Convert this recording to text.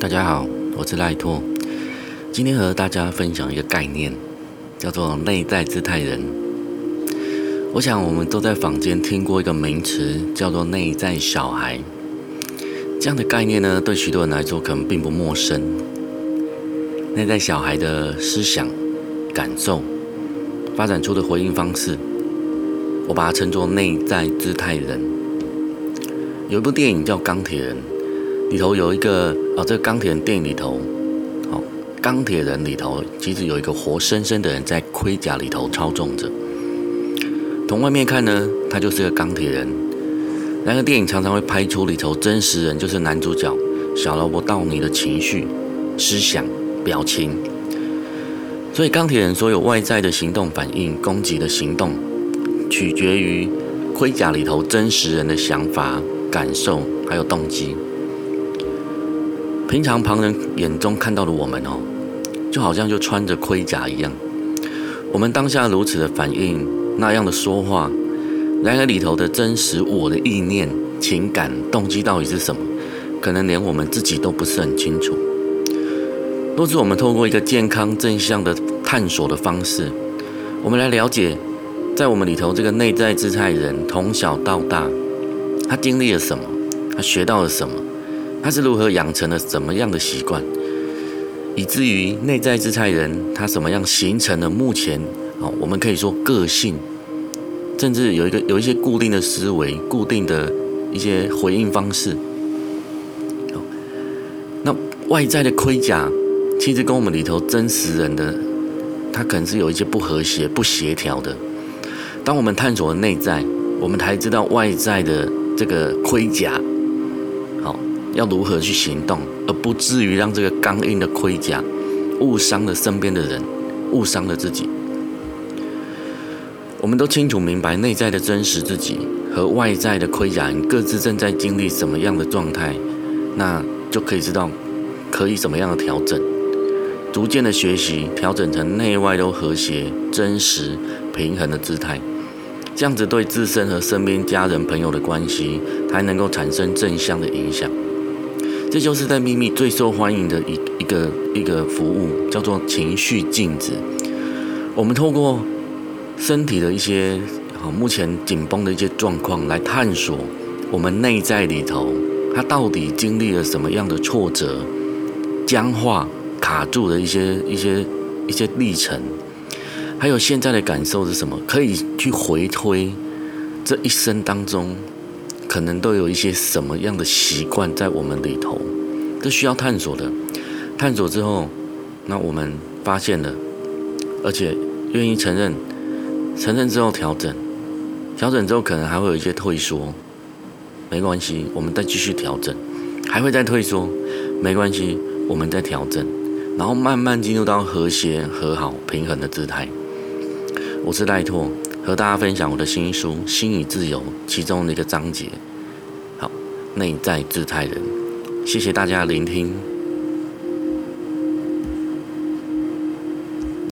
大家好，我是賴托。今天和大家分享一個概念，叫做內在姿態人。我想我們都在坊間聽過一個名詞，叫做內在小孩。這樣的概念呢，對許多人來說可能並不陌生。內在小孩的思想、感受、發展出的回應方式，我把它稱作內在姿態人。有一部電影叫《鋼鐵人》。裡頭有一個啊、哦，這個鋼鐵人電影裡頭，好、哦，鋼鐵人裡頭其實有一個活生生的人在盔甲裡頭操縱着。從外面看呢，他就是個鋼鐵人。那個電影常常會拍出裡頭真實人，就是男主角小勞勃．道尼的情緒、思想、表情。所以鋼鐵人所有外在的行動反應、攻擊的行動，取決於盔甲裡頭真實人的想法、感受還有動機。平常旁人眼中看到的我們哦，就好像就穿着盔甲一樣。我們當下如此的反應，那樣的說話，然而裡頭的真實我的意念、情感動機到底是什麼？可能連我們自己都不是很清楚。都是我們透過一個健康正向的探索的方式，我們來了解，在我們裡頭這個內在姿態人，從小到大，他經歷了什麼？他學到了什麼？他是如何養成了怎麼樣的習慣，以至於內在姿態人他怎麼樣形成了目前哦，我們可以說個性，甚至有一個有一些固定的思維、固定的一些回應方式。那外在的盔甲，其實跟我們裡頭真實人的，它可能是有一些不和諧、不協調的。當我們探索了內在，我們才知道外在的這個盔甲。要如何去行動，而不至於讓這個剛硬的盔甲誤傷了身邊的人，誤傷了自己？我們都清楚明白內在的真實自己和外在的盔甲各自正在經歷什麼樣的狀態，那就可以知道可以怎麼樣的調整，逐漸的學習調整成內外都和諧、真實、平衡的姿態。這樣子對自身和身邊家人、朋友的關係，才能夠產生正向的影響。這就是在祕謐最受歡迎的一一個一個服務，叫做情緒鏡子。我們透過身體的一些啊，目前緊繃的一些狀況，來探索我們內在裡頭，他到底經歷了什麼樣的挫折、僵化、卡住的一些一些一些歷程，還有現在的感受是什麼，可以去回推這一生當中。可能都有一些什麼樣的習慣在我們裡頭，這需要探索的。探索之後，那我們發現了，而且願意承認，承認之後調整，調整之後可能還會有一些退縮，沒關係，我們再繼續調整，還會再退縮，沒關係，我們再調整，然後慢慢進入到和諧、和好、平衡的姿態。我是賴拓，和大家分享我的新書《心已自由》其中的一個章節，好，內在姿態人，謝謝大家的聆聽。